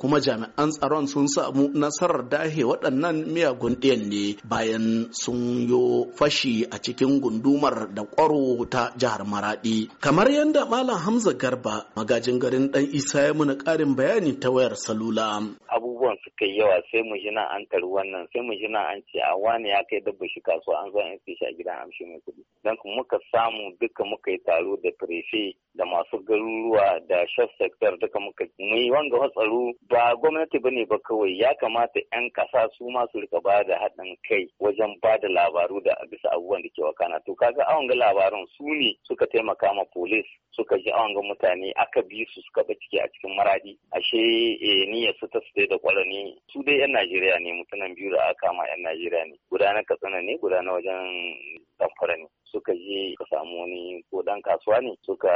kuma jami'an tsaron sun samu nasarar dahe waɗannan miyagun ɗiyan ne bayan sun yo fashi a cikin gundumar da ƙwaro ta jihar maraɗi kamar yadda malam hamza garba magajin garin ɗan isa ya muna ƙarin bayani ta wayar salula abubuwan suka yi yawa sai mu jina an tari wannan sai mu jina an ce a wani ya kai dabba shi kasuwa an zo an shi a gidan amshi mai kuɗi don muka samu duka muka yi taro da prefe da masu garuruwa da shaf sector duka muka yi wanga hatsaro ba gwamnati ba ne ba kawai ya kamata 'yan kasa su masu su rika ba da haɗin kai wajen ba da labaru da bisa abubuwan da ke wakana to kaga awon ga labaran su ne suka taimaka ma police suka ji awon ga mutane aka bi su suka ba ciki a cikin maradi ashe eh, niyyar su ta su da kwalani su dai 'yan Najeriya ne mutanen biyu da aka kama 'yan Najeriya ne guda na katsina ne guda na wajen damfara ne suka je ka samu wani ko dan kasuwa ne suka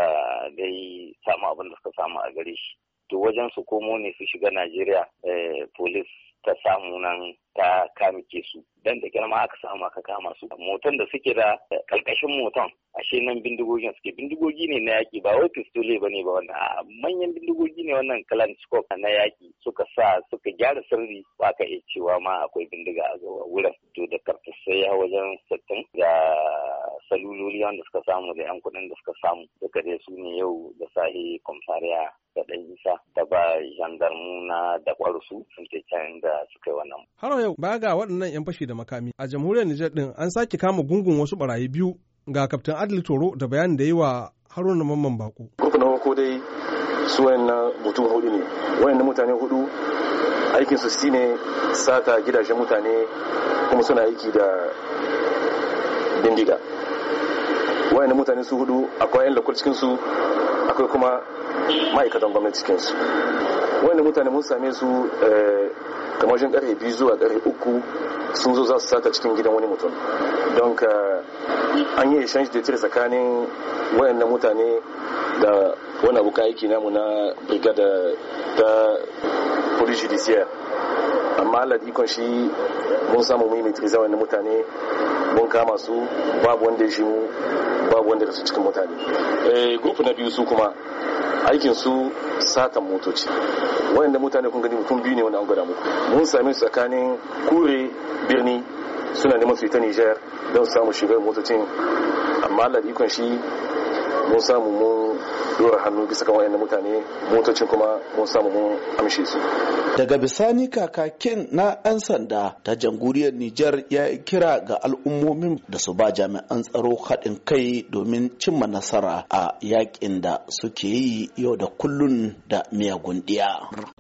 dai samu abin da suka samu a gare shi to wajen su komo ne su shiga najeriya eh, polis ta samu nan ta kamike su dan da girma aka samu aka kama su motan da suke da kalkashin eh, motan ashe nan bindigogin suke bindigogi ne na yaki ba wai pistole ba ne ba wannan a manyan bindigogi ne wannan kalanskop na yaki suka sa suka gyara sirri ba ka iya cewa ma akwai bindiga a wurin to da sai ya wajen sattin ga saluloli wanda suka samu da yan kuɗin da suka samu duka dai su ne yau da sahi kwamfariya da ɗan isa da ba gendarmu na da ƙwarsu sun ce can da suka yi wannan. Har yau baya ga waɗannan 'yan fashi da makami a jamhuriyar Nijar ɗin an sake kama gungun wasu barayi biyu ga kaftin adil toro da bayanin da yi wa haruna mamman bako grup na wako dai su wayannan mutum hudu ne wayannan mutane hudu aikin su shine sata gidajen mutane kuma suna aiki da bindiga wayannan mutane su hudu akwai yan lakul cikin su akwai kuma ma'aikatan gwamnati cikin su wayannan mutane mun same su eh, kamar jin karfe biyu zuwa karfe uku sun zo za su saka cikin gidan wani mutum don ka an yi shanshi da tire tsakanin wayannan mutane da wani abu aiki namu na brigada ta police judiciaire amma Allah ikon shi mun samu mu mitriza wannan mutane mun kama su babu wanda ya shi mu babu wanda da su cikin mutane eh, grup na biyu su kuma aikin su satan motoci wanda mutane kun gani mutum biyu ne wanda an gwada muku mun sami su tsakanin kure birni suna neman su ita Nijar don samu shigar motocin amma Allah ikon shi mun samu mun dora hannu bisa kan wayannan mutane motocin kuma mun samu mun amshe su daga bisani kakakin na 'yan sanda ta jamhuriyar Nijar ya yi kira ga al'ummomin da su ba jami'an tsaro haɗin kai domin cimma nasara a yakin da suke yi yau da kullun da miyagun ɗiya.